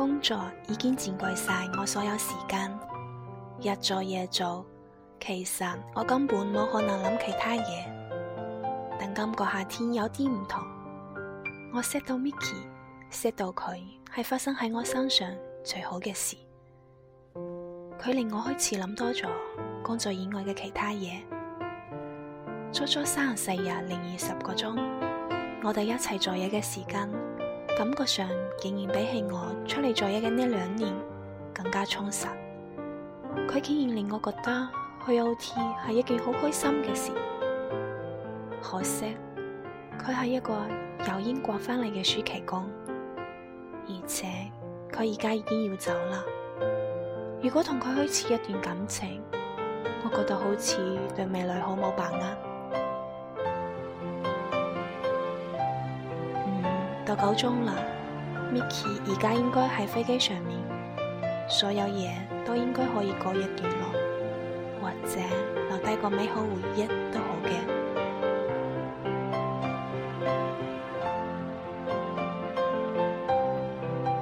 工作已經佔據晒我所有時間，日做夜做，其實我根本冇可能諗其他嘢。但今個夏天有啲唔同，我識到 Miki，識到佢係發生喺我身上最好嘅事。佢令我開始諗多咗工作以外嘅其他嘢。足足三十四日零二十個鐘，我哋一齊做嘢嘅時間。感覺上竟然比起我出嚟做嘢嘅呢兩年更加充實，佢竟然令我覺得去 OT 係一件好開心嘅事。可惜佢係一個由英國返嚟嘅暑期工，而且佢而家已經要走啦。如果同佢開始一段感情，我覺得好似對未來好冇把握。就夠鐘喇，Miki 而家應該喺飛機上面，所有嘢都應該可以告一段落，或者留低個美好回憶都好嘅。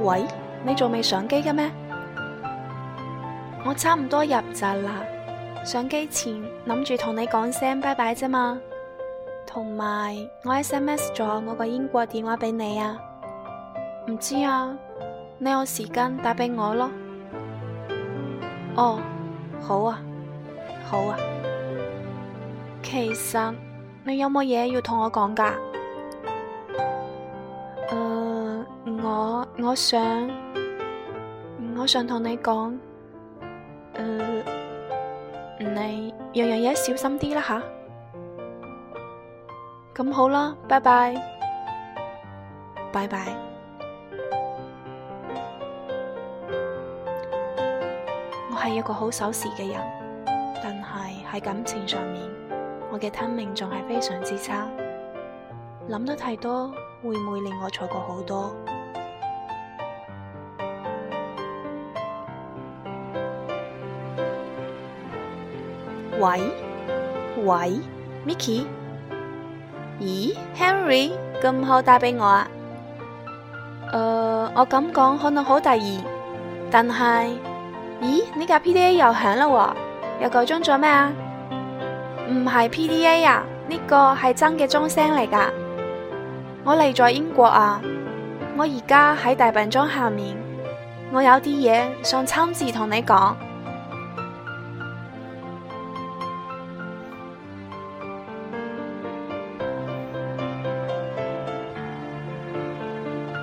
喂，你仲未上機嘅咩？我差唔多入閘啦，上機前諗住同你講聲拜拜啫嘛。同埋，S 我 S M S 咗我個英國電話俾你啊，唔知啊，你有時間打俾我咯。哦，好啊，好啊。其實你有冇嘢要同我講噶？呃，我我想我想同你講，誒、呃，你樣樣嘢小心啲啦吓。咁好啦，拜拜，拜拜。我係一個好守時嘅人，但係喺感情上面，我嘅 Timing 仲係非常之差。諗得太多，會唔會令我錯過好多？喂？Miki？咦，Henry 咁好打畀我啊？誒、呃，我咁講可能好突然。但係咦，呢架 P D A 又響啦，哦，又夠鐘咗咩啊？唔係 P D A 啊，呢個係真嘅鐘聲嚟噶。我嚟咗英國啊，我而家喺大笨鐘下面，我有啲嘢想親自同你講。